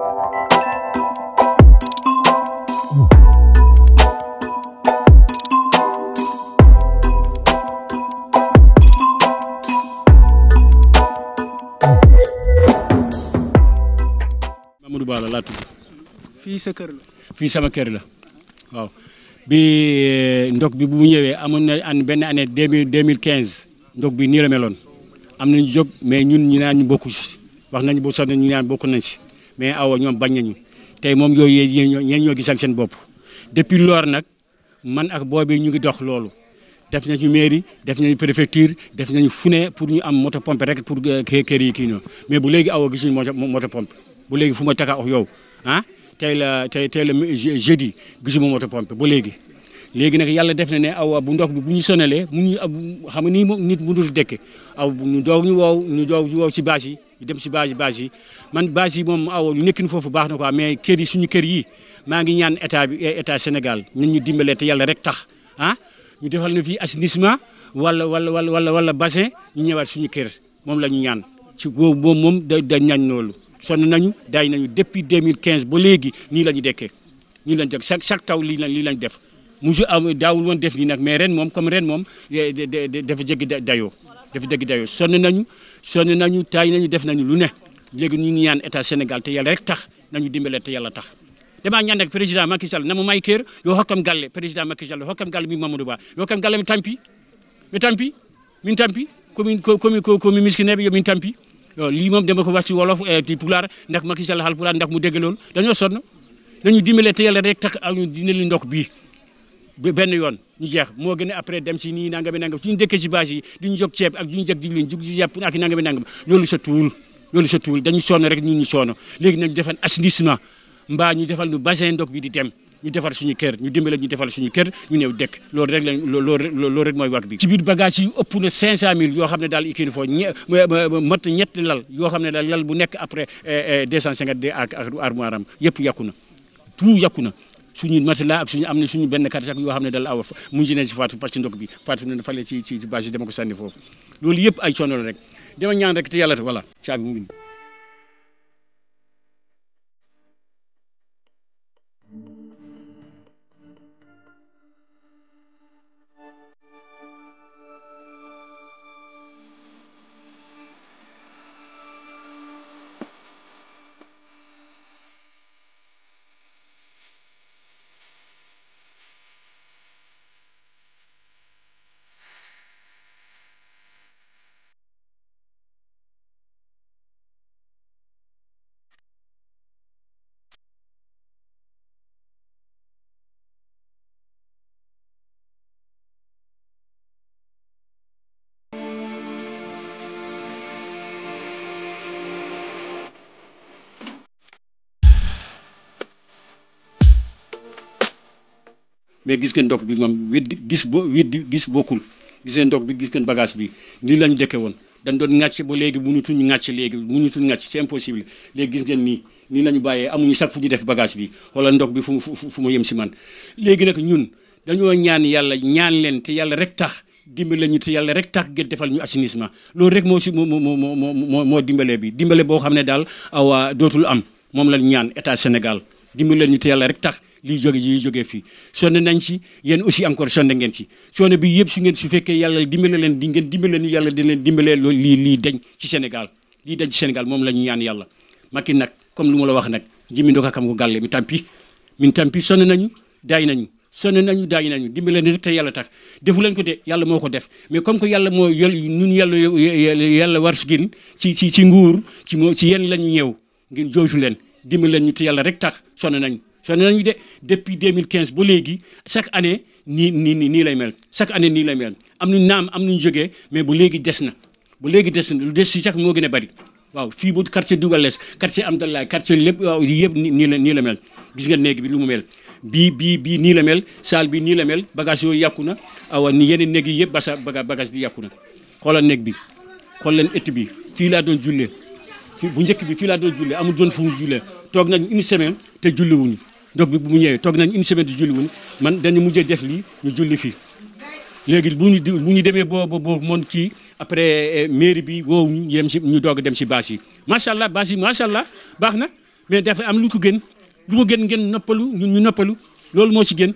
Mamadou Ba la sa kër la. fii sama kër la waaw bi eh, ndox bi bu mu ñëwee amoon na an benn année deux mille deux mille quinze bi nii la meloon am nañu jóg mais ñun ñu naan ñu bokku wax nañu boo sonn ñu naan bokk nañ si mais aw ñoom bañ nañu tey moom yooyu yéen ñoo gisal seen bopp depuis loor nag man ak boobi ñu ngi dox loolu def nañu mairie def nañu préfecture def nañu fu ne pour ñu am moto pompe rek pour euh, kër yi kii noonu mais bu léegi awa gisuñu moto moto pompe bu léegi fu ma taka ak yow ah, tey la tey tey la jeudi gisuma moto pompe bu léegi léegi nag yàlla def na ne aw bu ndox bi bu ñu sonalee mu ñu xam nga nii moom nit mu dul dëkk aw ñu doog ñu woow ñu doog ñu woow si bâche yi ñu dem si bâche bâche yi man bâche yi moom aw ñu nekkin foofu baax na quoi mais kër yi suñu kër yi maa ngi ñaan état bi eh, état Sénégal nañ ñu dimbalee te yàlla rek tax ah ñu defal na fii assainissement wala wala wala wala wala bassin ñu ñëwaat suñu kër moom la ñu ñaan si boobu moom moom da da ñaan noolu sonn nañu daay nañu depuis 2015 ba léegi nii la ñu dekkee nii lañ def chaque chaque taw lii lañ lii lañ def mu ju am daawul woon def nii nag mais ren moom comme ren moom eh, dafa jéggi dayoo dafa jéggi dayoo sonn nañu sonn nañu taay nañu def nañu lu ne léegi ñu ngi ñaan état Sénégal te yàlla rek tax nañu dimbale te tax na mu may kër yo hokkam galle président Macky Sall hokkam galle mi Mamadou Ba yo hokkam galle mi tampi mi tampi min tampi komin komi komi miskineɓe yomin tampi lii moom dama ko wax ci wolof eh, ci pulaar ndax Macky te yàlla rek tax añu dina li ndok bii benn yoon ñu jeex moo gën a après dem si nii nangami nangam suñu dëkkee si bâche yi duñu jóg ceeb ak duñu jóg diwlin jug ju yàpp ak nangami nangam loolu sa tuul loolu sa tuul dañu sonn rek ñun ñu sonn léegi nañu defal assainissement mbaa ñu defal nu bassin ndox bi di dem ñu defar suñu kër ñu dimbale ñu defal suñu kër ñu néew dëkk loolu rek lañ loolu mooy wàgg bi ci biir bagage yi ëpp na 500000 yoo xam ne daal ikii foo mat ñetti lal yoo xam ne daal lal bu nekk après 250 eh, eh, ak armoire am yëpp yàqu na tout yàqu na suñu matelas ak suñu am na suñu benn kàttan yoo xam ne dal awa mu si faatu parce que bi faatu na dafa lee ci ci foofu loolu yëpp ay coono la rek dama ñaan rek te yàlla te mais gis ngeen ndox bi moom wit gis bo wit gis bokkul gis ngeen ndox bi gis ngeen bagage bi nii lañu dëkke woon dañ doon ŋàcc ba léegi mënutuñu ŋàcc léegi mënutuñu ŋàcc c'est impossible léegi gis ngeen nii nii bàyyee amuñu sax fu ñu def bagage bi xoolal ndox bi fu mu fu mu yem si man léegi nag ñun dañoo ñaan yàlla ñaan leen te yàlla rek tax dimbale ñu te yàlla rek tax defal ñu assainissement loolu rek moo si moo moo moo moo moo dimbale bi dimbale boo xam ne daal awa dootul am moom lañ ñaan état Sénégal dimbale ñu te yàlla rek tax lii jóge liy jógee fii sonn nañ ci yenn aussi encore sonn ngeen ci sonn bi yëpp su ngeen su fekkee yàlla dimbale leen di ngeen dimbale ni yàlla leen dimbalee loolu lii lii dañ ci Sénégal lii dañ ci Sénégal moom la ñu ñaan yàlla Macky nag comme lu ma la wax nag jimi ndoka kam ko gàlle mi tampi min tampi sonn nañu daay nañu sonn nañu daay nañu dimbale leen rek te yàlla tax defu leen ko de yàlla moo ko def mais comme que yàlla moo yol ñun yàlla yàlla war gin ci ci ci nguur ci moo ci yéen lañu ñëw ngeen jooytu leen dimbale leen ñu te yàlla rek tax sonn nañu sonn nañu de mill 2015 ba léegi chaque année nii nii nii nii lay mel chaque année nii lay mel am nañu naam am nañu jógee mais bu léegi des na bu léegi des na lu des si chaque moo gën a bari waaw fii bu quartier Dubalès quartier Amdalaay quartier lépp waaw yëpp nii la nii la mel nga néeg bi lu mu mel bii bii bii nii la mel salle bi nii la mel bagage yooyu yàqu na awa ni yeneen néeg yi yëpp basa bagage bi yàqu na xoolal néeg bi xool leen ëtt bi fii laa doon jullee bu njëkk bi fii laa doon jullee amul doon fu mu toog nañ une semaine te julliwuñu donc bi bu mu ñëwee toog nañ une semaine di julli wuñ man dañu mujjee def lii ñu julli fii léegi bu ñu bu ñu demee boo boo moon kii après eh, mairie bi woow ñu dem si ñu doog dem si bâche yi macha allah bâche yi macha allah baax na mais dafa am lu ko gën lu ko gën ngeen noppalu ñun ñu noppalu loolu moo si gën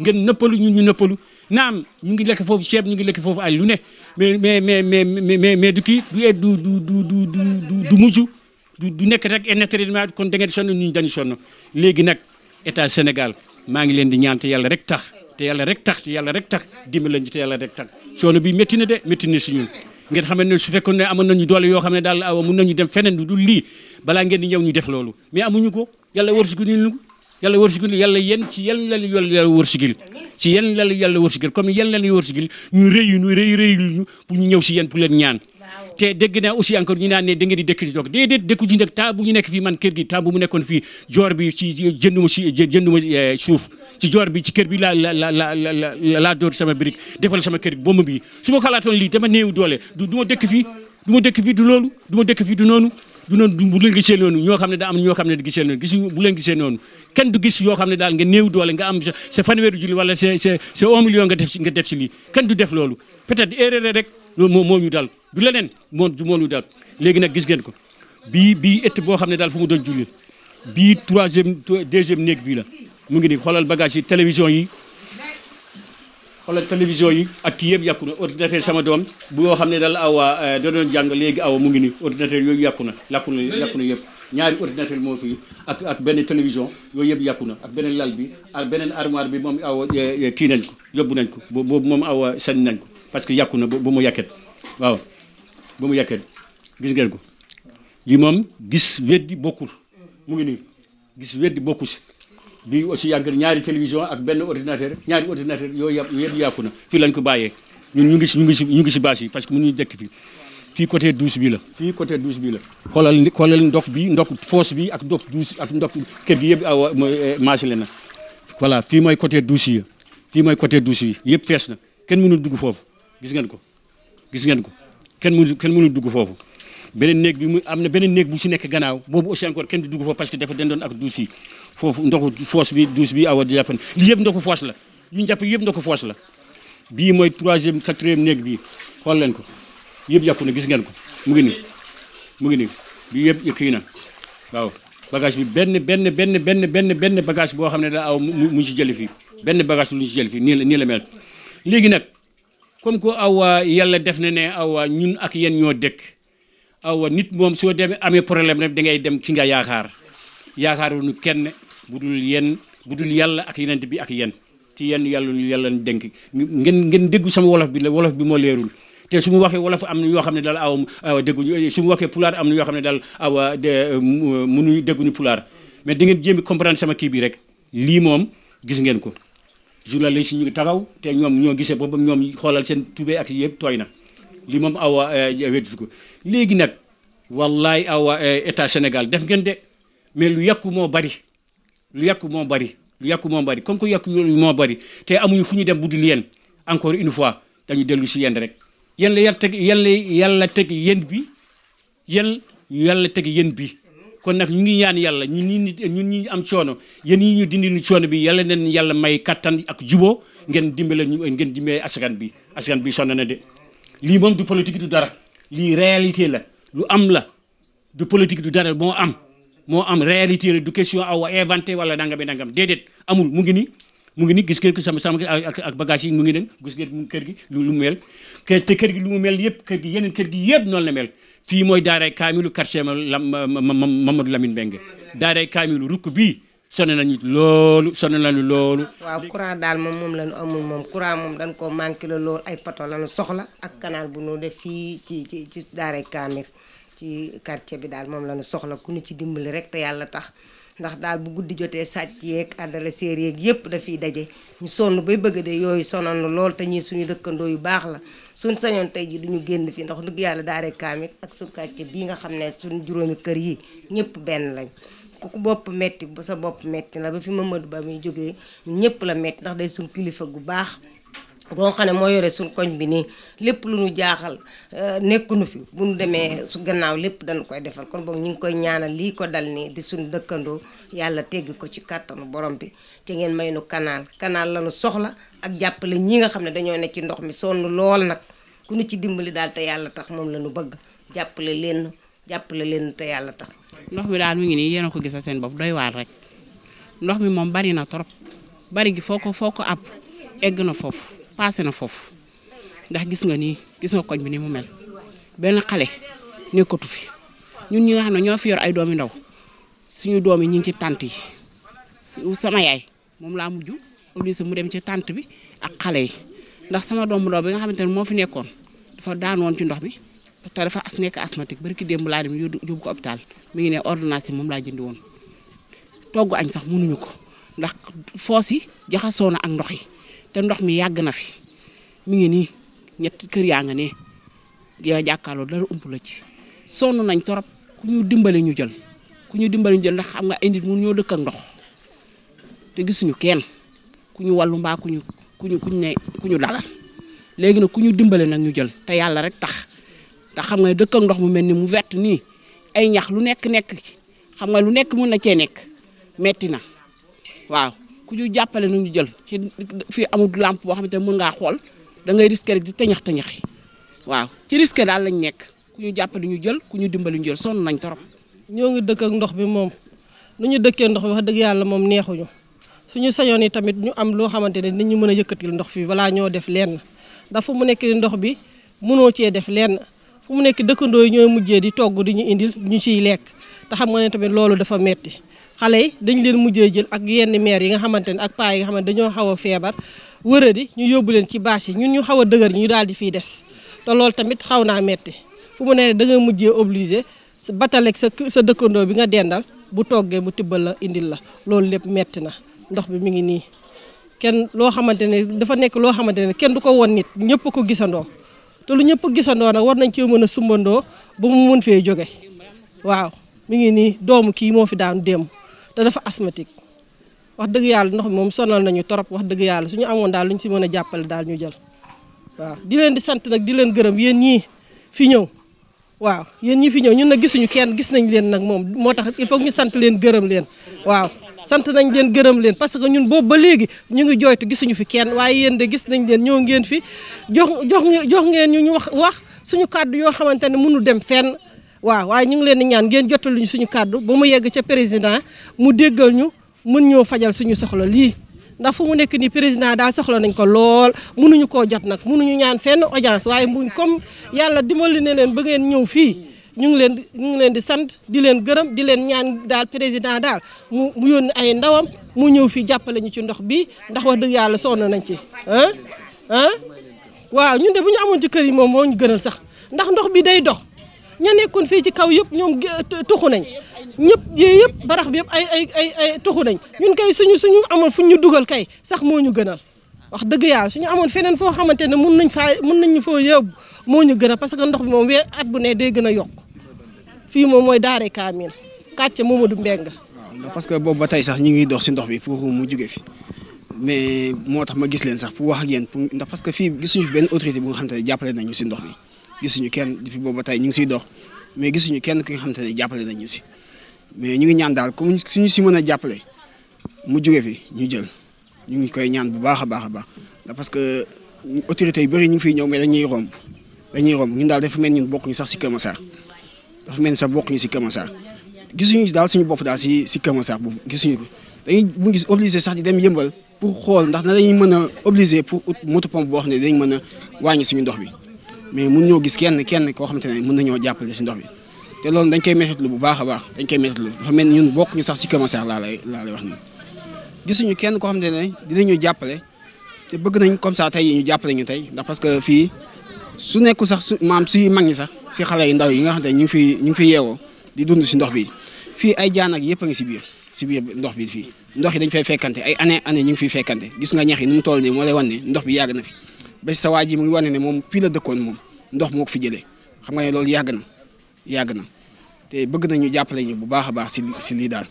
ngeen noppalu ñun ñu noppalu naam ñu ngi lekk foofu ceeb ñu ngi lekk foofu ay lu ne mais mais mais mais mais du ki du eh, du du du du du du mujj du nekk rek naturellement kon da ngeen sonn ñu dañu sonn léegi nag. état Sénégal maa ngi leen di ñaan te yàlla rek tax te yalla rek tax te yàlla rek tax dimbali ñu te yàlla rek tax soono bii métti na de métti na si ñun ngeen xaman ne su fekkoon ne amoon nañu doole yoo xam ne daal awa nañu dem feneen du lii balaa ngeen di ñëw ñu def loolu mais amuñu ko yàlla wërsëguñu ñu ko yàlla wërsëgul yàlla yéen ci yéen la ñu yàlla wërsëgil ci yéen la ñu yàlla wërsëgil comme yéen la ñu wërsëgil ñu rëy ñu rëy ñu ñëw si yéen pour leen ñaan te dégg naa aussi encore ñu naan ne da ngeen di dëkk ci dog déedéet dëkku ci nag temps bu ñu nekk fii man kër gi temps mu nekkoon fii joor bi ci jënduma si jënduma eh, suuf ci joor bi ci kër bi laa la la la la door sama birig defal sama kër gi booma bi su ma xalaatoon lii dama néew doole du du ma dëkk fii du dëkk fii du loolu du ma dëkk fii du noonu du noonu bu leen gisee noonu xam ne daa am ñoo xam ne gisee noonu gis bu leen gisee noonu kenn du gis yoo xam ne daal nga néew doole nga am sa fanweeri julli wala sa sa sa un million nga def si nga def si lii kenn du def loolu peut-être erreur rek loolu moo dal du leneen moom du moom lu daal léegi nag gis ngeen ko bii bii ëtt boo xam ne daal fu mu doon julli bii troisième deuxième néeg bii la mu ngi nii xoolal bagage yi télévision yi xoolal télévision yi ak kii yëpp yàqu na ordinateur sama doom bu yoo xam ne daal awa eh, da doon jàng léegi awa mu ngi nii ordinateur yooyu yàqu na làkku na yàqu na yëpp ñaari ordinateur moo fi ak ak benn télévision yooyu yëpp yàqu na ak beneen lal bi ak beneen armoire bi moom awa eh, eh, kii nañ ko yóbbu nañ ko boobu moom awa sañ nañ ko parce que yàqu na ba mu yàqet waaw ba mu yàkkee gis ngeen ko lii moom gis weddi bokkul mu ngi nii gis weddi bokkul si bii aussi yaa ñaari télévision ak benn ordinateur ñaari ordinateur yooyu yëpp yàqu na fii lañ ko bàyyee ñun ñu si ñu ngi si ñu ngi si bâche yi parce que mënuñu dekk fii fii côté bi la fii côté douche bi la xoolal xoolal ndox bi ndox fosse bi ak ndox douche ak ndox kër gi yëpp awa maasale na voilà fii mooy côté douche yi fii mooy côté douche yi yëpp fees na kenn mu nu dugg foofu gis ngeen ko gis ngeen ko kenn mënu kenn mënu dugg foofu beneen néeg bi mu am na beneen néeg bu si nekk gannaaw boobu aussi encore kenn du dugg foofu ak douche foofu ndoxu foos bi douche bi awa di jàppan li yëpp ndoxu foos la ñu jàpp yëpp ndoxu foos la bii mooy troisième quatrième néeg bi xool leen ko yëpp jàpp na gis ngeen ko mu ngi nii mu ngi nii bii yëpp kii na waaw bagage bi benn benn benn benn benn benn bagage boo xam ne da aw mu mu ci jël fii benn bagage lu ñu ci jëli fii nii la nii la mel léegi nag comme que awa yàlla def na ne awa ñun ak yéen ñoo dëkk awa nit moom soo demee amee problème rek da ngay dem ki nga yaakaar nu kenn bu dul yéen bu dul yàlla ak yeneen bi ak yéen ci yéen yàlla ñu yàlla dénk ngeen ngeen déggu sama wolof bi la wolof bi moo leerul te su mu waxee wolof am na yoo xam ne daal aw awa dégguñu su mu waxee pulaar am na yoo xam ne daal awa mënuñu dégguñu pulaar mais da ngeen jéem comprendre sama kii bi rek lii moom gis ngeen ko journaliste yi ñu ngi taxaw te ñoom ñoo gisee boppam ñoom xoolal seen tubéy ak yëpp tooy na li moom awa eh, eh, wetu ko léegi nag wallaay awa eh, état Sénégal def ngeen de mais lu yàqu moo bari lu yàqu moo bari lu yàqu moo bari comme que yàqu moo bari te amuñu fu ñu dem budul yéen encore une fois dañu dellu si yéen rek yéen la yàlla teg yéen la yàlla teg yéen bi yéen yàlla teg yéen bi kon nag ñu ngi ñaan yàlla ñun ñi ñun ñi am coono yéen ñi ñu dindi ñu coono bi yàlla neen yàlla may kattan ak jubo ngeen dimbale ñu ngeen dimbale askan bi askan bi sonn na de lii moom du politique du dara lii réalité la lu am la du politique du dara moo am moo am réalité la du question aw inventé wala nangam nangam déedéet amul mu ngi ni mu ngi ni gis ngeen ko sama sama ak ak bagage yi mu ngi leen gis ngeen kër gi lu mu mel kër gi lu mu mel yëpp kër gi yeneen kër gi yëpp noonu la mel fii mooy daaray kaamilu quartier Mamadou Lamine Mbengue daaray kaamilu rukk bii sonn nañu loolu sonn nañu loolu. waaw courant daal moom moom la ñu amul moom courant moom dañ ko manqué la loolu ay poto la ñu soxla ak canal bu ñu def fii ci ci ci daaray kaamil ci quartier bi daal moom la ñu soxla ku ñu ci dimbali rek te yàlla tax. ndax daal bu guddi jotee sàcc yeeg adversaire yeeg yépp dafiy daje ñu sonn bay bëgg de yooyu sonal na lool te ñii suñu dëkkandoo yu baax la suñ sañoon tey ji duñu génn fii ndax dëgg yàlla daare kaamit ak su kàcce bii nga xam ne suñu juróomi kër yi ñëpp benn lañ ku bopp metti ba sa bopp metti na ba fi Mamadou Ba muy jógee ñëpp la metti ndax day suñ kilifa gu baax boo xam ne moo yore suñ koñ bi nii lépp lu ñu jaaxal euh, nekkunu fi bu ñu demee su gannaaw lépp dañu koy defal kon boog ñu ngi koy ñaanal lii ko dal nii di suñu dëkkandoo yàlla tegg ko ci kàttanu borom bi te ngeen may nu canal canal la soxla ak jàppale ñi nga xam ne dañoo nekk ci ndox mi sonn lool nag ku nu ci dimbali daal te yàlla tax moom la ñu bëgg jàppale leen jàppale leen te yàlla tax. ndox mi daal mu ngi nii yéen a ko gisal seen bopp doy waar rek ndox mi moom bari na trop bari gi foo na foofu. passé na foofu ndax gis nga nii gis nga koñ bi ni mu mel benn xale nekkatu fi ñun ñu nga xam ne ñoo fi yor ay doomi ndaw suñu doom yi ñu ngi ci tant yi sama yaay moom laa mujj obligé mu dem ci tànt bi ak xale yi ndax sama doomu ndaw bi nga xamante ne moo fi nekkoon dafa daan ci ndox mi te dafa as nekk asthmatique bari ki laa dem yóbbu ko hôpital ngi ne ordonnance yi moom laa jëndi woon togg añ sax mënuñu ko ndax foosi yi na ak ndox yi te ndox mi yàgg na fi mu ngi nii ñetti kër yaa nga ne yaa jàkkaarloo dara ump la ci sonn nañ torop ku ñu dimbale ñu jël ku ñu dimbale ñu jël ndax xam nga ay mun ñoo dëkk ndox te gisuñu kenn ku ñu wàllu mbaa ku ku ñu ku ñu ne léegi nag ku ñu dimbale nag ñu jël te yàlla rek tax te xam nga dëkk ndox mu mel ni mu vert nii ay ñax lu nekk nekk ci xam nga lu nekk mun na cee nekk metti na waaw ku ñu jàppale nu ñu jël ci fii amut làmp boo xam ne mën ngaa xool da ngay risqué rek di tëñax tëñaxi waaw ci risqué daal lañ nekk ku ñu jàppale ñu jël ku ñu dimbali ñu jël sonn nañ torop ñoo ngi dëkk ndox bi moom nu dëkkee ndox bi dëgg yàlla moom neexuñu suñu sañoon yi tamit ñu am loo xamante ne nit ñu mën a yëkkatil ndox fii balaa ñoo def leen lenn dafa mu nekk ndox bi mënoo cee def lenn fu mu nekk dëkkandoo yi ñooy mujjee di togg di ñu indil ñu ciy lekk te xam nga ne tamit loolu dafa metti xale yi dañ leen mujje jël ak yenn maire yi nga xamante ne ak paa yi nga xamante dañoo xaw a feebar wërëri ñu yóbbu leen ci bâche yi ñun ñu xaw a dëgër ñu daal di fiy des te loolu tamit xaw naa metti fu mu ne da nga mujjee obligé bataleeg sa sa dëkkandoo bi nga dendal bu toggee bu tibbal la indil la loolu lépp metti na ndox bi mi ngi nii kenn loo xamante ne dafa nekk loo xamante ne kenn du ko woon nit ñëpp ko gisandoo te lu ñëpp gisandoo nag war nañ ci mën a sumbandoo ba mu mun fee jóge waaw mi ngi nii doomu kii moo fi daan démb te dafa asthmatique wax dëgg yàlla ndox mi moom sonal nañu torop wax dëgg yàlla ñu amoon daal lu ñu si mën a jàppale daal ñu jël waaw di leen di sant nag di leen gërëm yéen ñii fi ñëw waaw yéen ñii fi ñëw ñun na gisuñu kenn gis nañ leen nag moom moo tax il foog ñu sant leen gërëm leen waaw sant nañ leen gërëm leen parce que ñun boobu ba léegi ñu ngi jooytu gisuñu fi kenn waaye yéen de gis nañ leen ñoo ngeen fi jox jox jox ngeen ñu ñu wax wax suñu kàddu yoo xamante ne mënu dem fenn waaw waaye ñu ngi leen di ñaan ngeen jottaluñu suñu kàddu ba mu yegg ca président mu déggal ñu mën ñoo fajal suñu soxla lii ndax fu mu nekk nii président daal soxla nañ ko lool mënuñu koo jot nag mënuñu ñaan fenn audience waaye muñ comme yàlla dimbali ne leen ba ngeen ñëw fii ñu ngi leen ñu ngi leen di sant di leen gërëm di leen ñaan daal président daal mu mu yónni ay ndawam mu ñëw fii jàppale ñu ci ndox bi ndax wax dëgg yàlla sonn nañ ci ah, ah. waaw ñu de bu ñu amoon ci kër yi moom moo ñu gënal sax ndax ndox bi day dox ña nekkoon fii ci kaw yëpp ñoom tuxu nañ ñëpp yooyu yëpp barax bi yëpp ay ay ay ay tuxu nañ ñun kay suñu suñu amoon fuñ ñu dugal kay sax moo ñu gënal wax dëgg yàlla suñu amoon feneen foo xamante ne mun nañ faa mun nañ ñu foo yóbbu moo ñu gënal parce que ndox bi moom wee at bu ne day gën a yokk fii moom mooy daare Kaamil kàcce Momadou Mbengue. waaw parce que boobu ba tey sax ñu ngi dox si ndox bi pour mu jóge fi mais moo tax ma gis leen sax pour wax ak yéen pour ndax parce que fii gisuñu fi benn autorité bu nga xam jàppale nañu si ndox bi gisuñu kenn depuis boobu ba tay ñu ngi siy dox mais gisuñu kenn ki nga xamante ne jàppale nañu si mais ñu ngi ñaan daal comme suñu si mën a jàppale mu juge fi ñu jël ñu ngi koy ñaan bu baax a baax a baax parce que autorité yi bëri ñu ngi fiy ñëw mais dañuy romb dañuy romb ñun daal dafa mel ñu bokk ñu sax si Kër Massar dafa mel sax bokk ñu si Kër Massar gisuñu daal suñu bopp daal si si Kër Massar boobu gisuñu ko dañuy ñu ngi obligé sax di dem yëmbal pour xool ndax na dañuy mën a obligé pour ut moto pompe boo xam ne dañ mën a wàññi suñu ndox bi mais mun ñoo gis kenn kenn koo xamante ne mën nañoo jàppale si ndox mi te loolu dañ koy métitlu bu baax a baax dañ koy métitlu dafa mel ni ñun bokk ñu sax si commissaire laa lay laa lay wax nii kenn koo xamante ne dinañu jàppale te bëgg nañ comme ça tey yi ñu tey ndax parce que fii su nekku sax su maam si mag ñi sax si xale yu ndaw yi xam ne ñu ngi fi ñu ngi fi yeewoo di dund si ndox bi fii ay jaan ak yëpp a ngi si biir si biir ndox bi fii ndox yi dañ fay fekkante ay année année ñu ngi fiy fekkante gis nga ñax yi nu mu toll nii moo lay wan ndox bi yàgg na fi ba sa waa ji ngi wane ne moom fii la dëkkoon moom ndox moo fi jëlee xam nga ne loolu yàgg na yàgg na te bëgg nañu jàppale ñu bu baax a baax si si lii daal.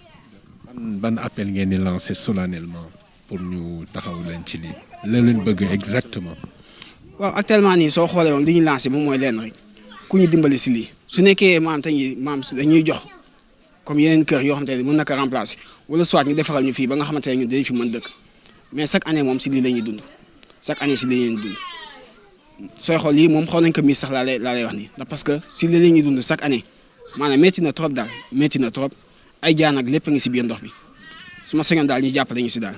ban appel ngeen di lancer solennellement pour ñu taxaw leen ci lii. la leen bëgg exactement. waaw actuellement nii soo xoolee woon li ñu lancé moom mooy leen rek ku ñu dimbali si lii su nekkee maam dañuy maam dañuy jox comme yeneen kër yoo xamante ne mën na ko remplacer wala soit ñu defaral ñu fii ba nga xamante ne ñun dañu fi mën dëkk mais chaque année moom si lii la ñuy dund. chaque année si dañuy dund sooy xool lii moom xaw nañ ko mis sax laa lay laa lay parce que si li la ñuy dund chaque année maanaam métti na trop daal métti na trop ay jaan ak lépp a ngi si biir ndox bi su ma sañoon daal ñu jàppale ñu si daal.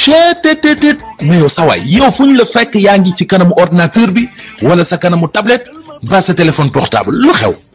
chetetetet mais yow sawaay yow fu ñu la fekk yaa ngi ci kanamu ordinateur bi wala sa kanamu tablette ba sa téléphone portable lu xew.